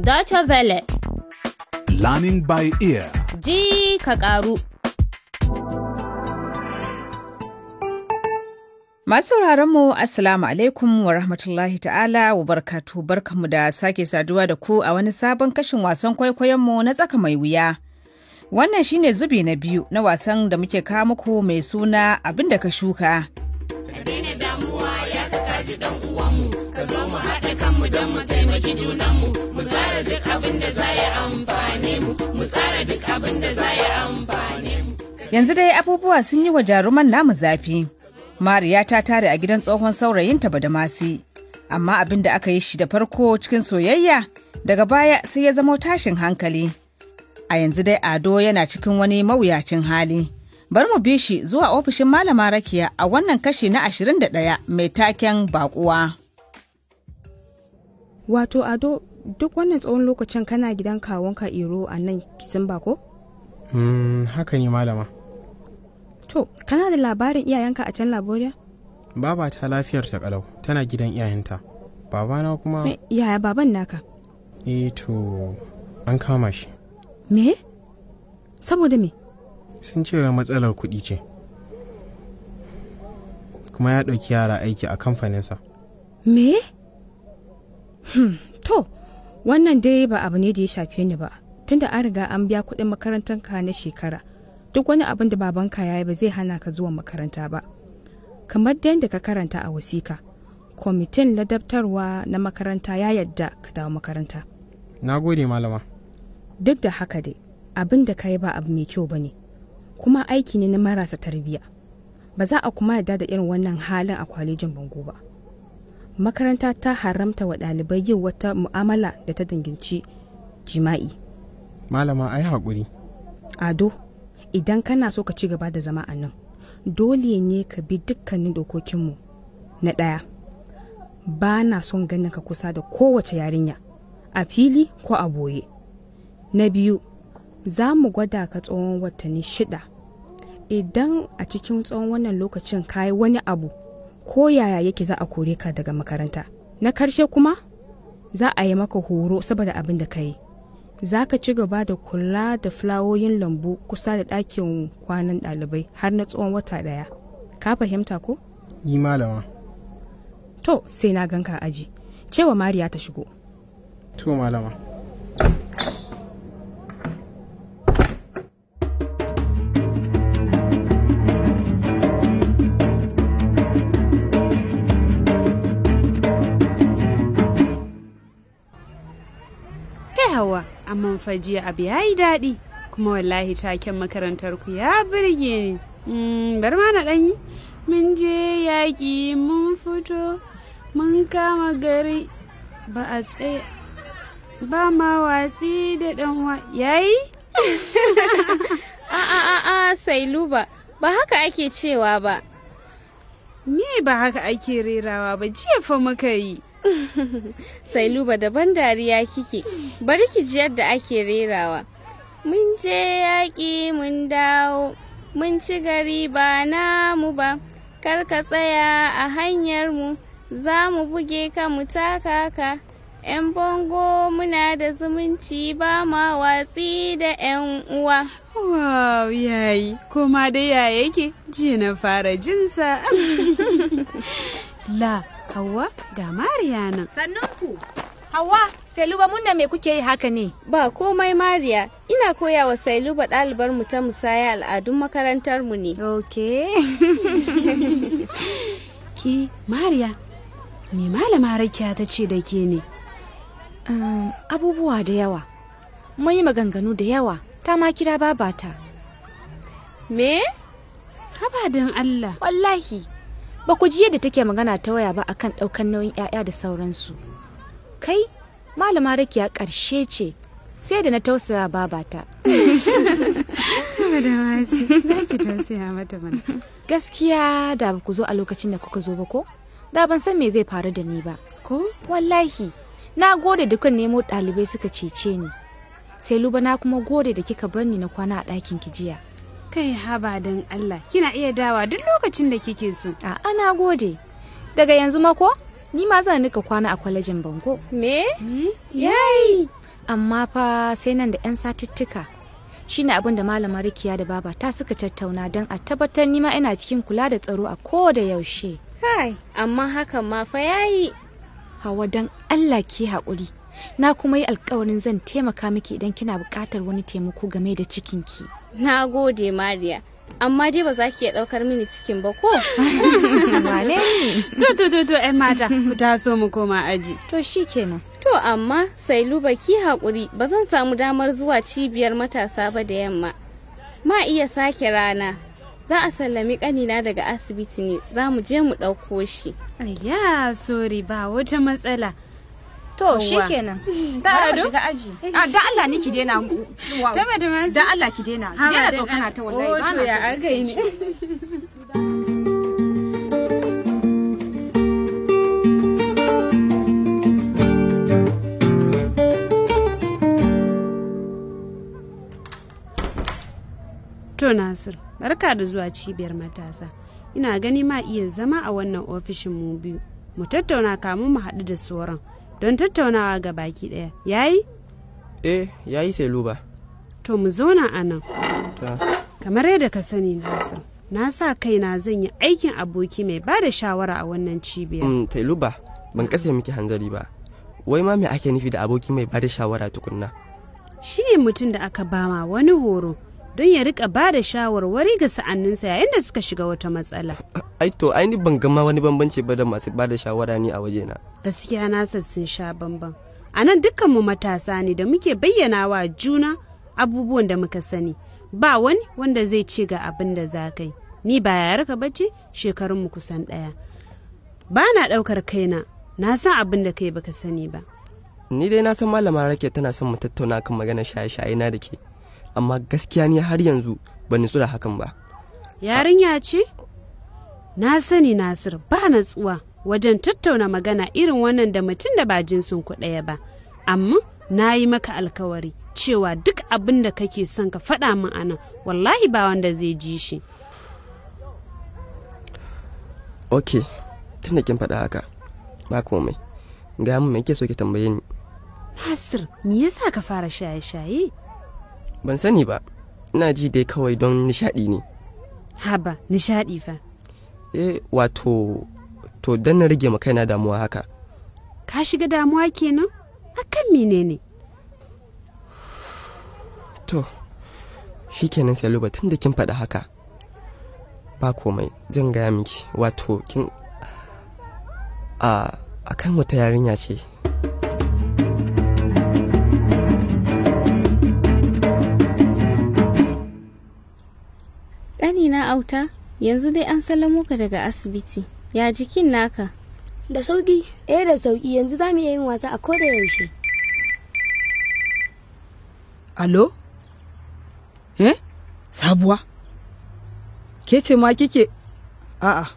Dacha Vele. Learning by ear. Ji ka ƙaru. Masu mu Assalamu alaikum wa rahmatullahi ta'ala wa barkatu barkanmu da sake saduwa da ku a wani sabon kashin wasan kwaikwayonmu na tsaka mai wuya. Wannan shine zubi na biyu na wasan da muke kawo muku mai suna abinda ka shuka. Ka daina damuwa ya ka kaji dan uwanmu. ka zo mu haɗa kanmu don mu taimaki junanmu mu tsara duk abin da za ya amfane mu mu tsara duk abin da za ya amfane mu yanzu dai abubuwa sun yi wa jaruman namu zafi mariya ta tare a gidan tsohon saurayinta ba da masi amma abin da aka yi shi da farko cikin soyayya daga baya sai ya zama tashin hankali a yanzu dai ado yana cikin wani mawuyacin hali bar mu bi shi zuwa ofishin malama rakiya a wannan kashi na 21 mai taken bakuwa. wato ado duk wannan tsawon lokacin kana gidan kawonka iro a nan kisin ko? Mm, haka ne malama to kana da labarin iyayenka a can laboriya? baba ta lafiyarsa kalau tana gidan iyayenta babana kuma yaya baban naka e to an kama shi me saboda me sun ce matsalar kuɗi ce kuma ya ɗauki yara aiki a kamfaninsa me Hmm, to wannan dai ba abu ne da ya shafe ni ba tunda an riga an biya kuɗin makarantar ka na shekara duk wani abin da babanka ya yi ba zai hana ka zuwa makaranta ba kamar da yadda ka karanta a wasika kwamitin ladabtarwa na makaranta ya yarda ka dawo makaranta na gode malama duk da haka dai abin da ka yi ba abu mai kyau ba ne kuma aiki ne na marasa tarbiyya ba za a kuma yarda da irin wannan halin a kwalejin bango ba makaranta ta haramta wa ɗalibai yin wata mu'amala da ta danganci jima'i malama ai haƙuri ado idan kana so ka ci gaba da zama a nan dole ne ka bi dukkanin dokokinmu na ɗaya ba na son ganin ka kusa da kowace yarinya a fili ko a boye na biyu za mu gwada ka tsawon watanni shida idan a cikin tsawon wannan lokacin kayi wani abu ko yaya yake za a kore ka daga makaranta na karshe kuma za a yi maka horo saboda abin da ka yi za ka ci gaba da kula da fulawoyin lambu kusa da ɗakin kwanan ɗalibai har na tsawon wata ɗaya ka fahimta ko? yi malama to sai na ganka aji cewa mariya ta shigo to malama amman fa jiya abu ya yi daɗi kuma wallahi taken makarantar ku ya birge ni mm, bari ma na ɗanyi mun je yaƙi mun fito mun kama gari ba a tsaye ba ma watsi da ɗan yayi a a a sai luba ba haka ake cewa ba me ba haka ake rerawa ba jiya fa muka yi Sailuba daban dariya kike, bari ki ji yadda ake rerawa. Mun je yaƙi mun dawo, mun ci gari ba na mu ba, kar ka tsaya a hanyar mu, za mu buge ka mu taka ka. 'Yan bango muna da zumunci ba ma watsi da 'yan uwa. Wow, yayi, koma da yaya yake, ji na fara jinsa. La. Hauwa ga Mariya nan. Sannunku. Hauwa, Sailuba munna me kuke yi haka ne? Ba komai Mariya, ina koya wa Sailuba ɗalibar mu ta musaya al'adun makarantar mu ne. Ok. ki Mariya, me malama rakiya ta ce da ke ne? abubuwa da yawa. Mun yi maganganu da yawa, ta ma kira babata. Me? Haba don Allah. Wallahi. ba ku ji yadda take magana ta waya ba akan ɗaukan nauyin 'ya'ya da sauransu kai malama rakiya ƙarshe ce sai da na tausaya babata gaskiya da ba ku zo a lokacin da kuka zo ba ko da ban san me zai faru da ni ba ko wallahi na gode da kan nemo ɗalibai suka cece ni sai luba na kuma gode da kika bar ni na kwana a ɗakin ki jiya kai haba don Allah kina iya dawa duk lokacin da kike so. A ana gode. Daga yanzu mako ni ma zan nika kwana a kwalejin Bango. Me? Yayi. Amma fa sai nan da 'yan satuttuka. Shine abin da malama Rikiya da baba ta suka tattauna don a tabbatar ni ma ina cikin kula da tsaro a ko da yaushe. Kai, amma hakan ma fa yayi. Hawa don Allah ki haƙuri. Na kuma yi alkawarin zan taimaka miki idan kina buƙatar wani taimako game da cikinki. na gode mariya amma dai ba za ki iya daukar mini cikin ba ko wane to to to to ai mata ku taso mu koma aji to shikenan to amma sailu ba ki hakuri ba zan samu damar zuwa cibiyar matasa ba da yamma ma iya sake rana za a sallami kanina daga asibiti ne za mu je mu ɗauko shi. Ayya, sori ba wata matsala. To shikenan. Da ado? Shiga aji. Ah, da Allah ni ki dena. Da Allah ki dena. Ki dena kana ta wallahi ba oh, na. Ya aka yi ne. To Nasir, barka da zuwa cibiyar matasa. Ina gani ma iya zama a wannan ofishin mu biyu. Mu tattauna kamun mu haɗu da sauran. don tattaunawa ga baki ɗaya yayi? eh yayi sai luba to mu zauna a nan kamar yadda ka sani nasa na sa kaina zan yi aikin aboki mai ba da shawara a wannan cibiyar mm, luba ban kasa miki hanzari ba wai ma me ake nufi da aboki mai ba da shawara tukunna shi ne mutum da aka bama wani horo don ya rika ba da shawarwari ga sa'anninsa yayin da suka shiga wata matsala. Ai to ai ni ban gama wani bambanci ba da masu ba da shawara ni a waje na. Gaskiya Nasir sun sha bamban. A nan dukkanmu matasa ne da muke bayyana wa juna abubuwan da muka sani. Ba wani wanda zai ce ga abin da za kai Ni ba raka bace shekarunmu kusan ɗaya. Ba na ɗaukar kaina, na san abin da kai baka sani ba. Ni dai na san malama rake tana son mu tattauna kan magana shaye-shaye na da ke. amma gaskiya ne har yanzu ba nutsu da hakan ba yarinya ce na sani nasir ba natsuwa wajen tattauna magana irin wannan da mutum da ba jinsin ku ɗaya ba amma na yi maka alkawari cewa duk abin da kake son ka faɗa min anan wallahi ba wanda zai ji shi ok tunda kin faɗa haka ba komai ga mu me ke so ki tambaye ni nasir me yasa ka fara shaye-shaye ban sani ba ina ji dai kawai don nishaɗi ne haba nishaɗi fa eh wato to don na rage makaina damuwa haka ka shiga damuwa kenan akan menene to shi kenan sai tun da kin faɗa haka ba komai zan gaya miki wato kin a akan wata yarinya ce na auta yanzu dai an salamo ka daga asibiti ya jikin naka da sauki eh da sauki yanzu za mu yin wasa a koda yaushe alo eh sabuwa ke ce ma kike a'a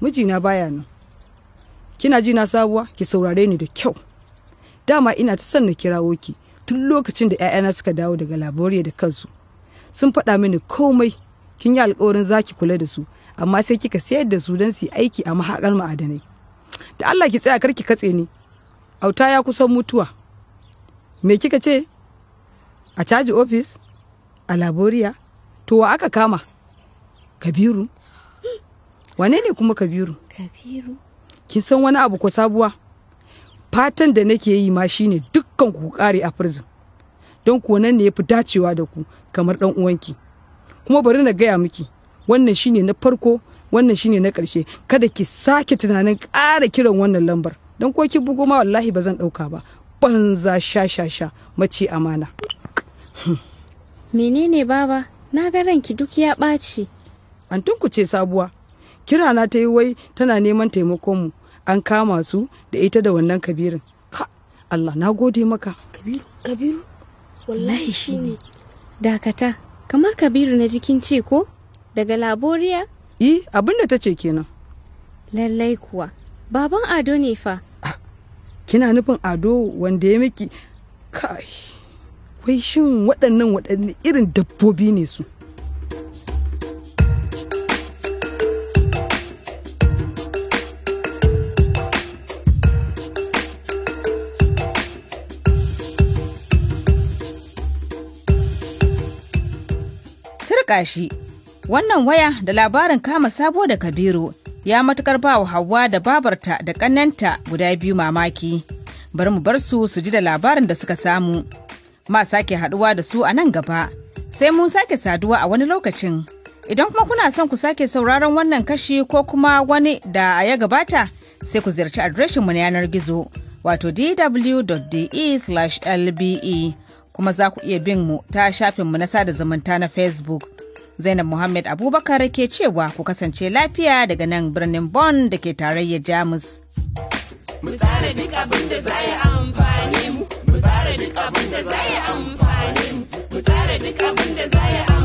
mijina baya nan kina ji na sabuwa ki saurare ni da kyau dama ina ta son na kirawo ki tun lokacin da 'ya'yana suka dawo daga laboriya da kansu sun faɗa mini komai kin yi alkawarin za ki kula da su amma sai kika sayar da su don su aiki a mahaƙar ma'adanai da Allah ki tsaya karki katse ni auta ya kusan mutuwa me kika ce a caji ofis a laboriya to wa aka kama kabiru wane ne kuma kabiru kabiru kin san wani abu ko sabuwa fatan da nake yi ma shine dukkan ku kare a prison don kuwa nan ne ya fi dacewa da ku kamar dan uwanki kuma bari na gaya miki wannan shine na farko wannan shine na karshe kada ki sake tunanin ƙara kiran wannan lambar don ko ki bugo ma wallahi ba zan ɗauka ba banza sha sha sha mace amana menene baba na ga ranki duk ya ɓaci an ce sabuwa kira na ta yi wai tana neman taimakon mu an kama su da ita da wannan kabirin ha Allah na gode maka kabiru kabiru wallahi shine dakata kamar kabiru na jikin ce ko daga laboriya yi eh, abinda ta ce kenan lallai kuwa baban ado ne fa ah, kina nufin ado wanda ya miki kai wai shin waɗannan waɗanne irin dabbobi ne su jiƙa shi. Wannan waya da labarin kama sabo da Kabiru ya matukar ba wa Hauwa da babarta da ƙannenta guda biyu mamaki. Bari mu bar su su ji da labarin da suka samu. Ma sake haduwa da su a nan gaba. Sai mun sake saduwa a wani lokacin. Idan kuma kuna son ku sake sauraron wannan kashi ko kuma wani da ya gabata sai ku ziyarci adireshinmu na yanar gizo wato dw.de/lbe e. kuma za ku iya bin mu ta shafinmu na sada zumunta na Facebook. Zainab Muhammad Abubakar ke cewa ku kasance lafiya daga nan birnin Bonn da ke tarayyar Jamus. Mu tsara duk abin da za yi amfani mu, mu tsara duk abin da za yi amfani mu, mu tsara duk abin da za yi amfani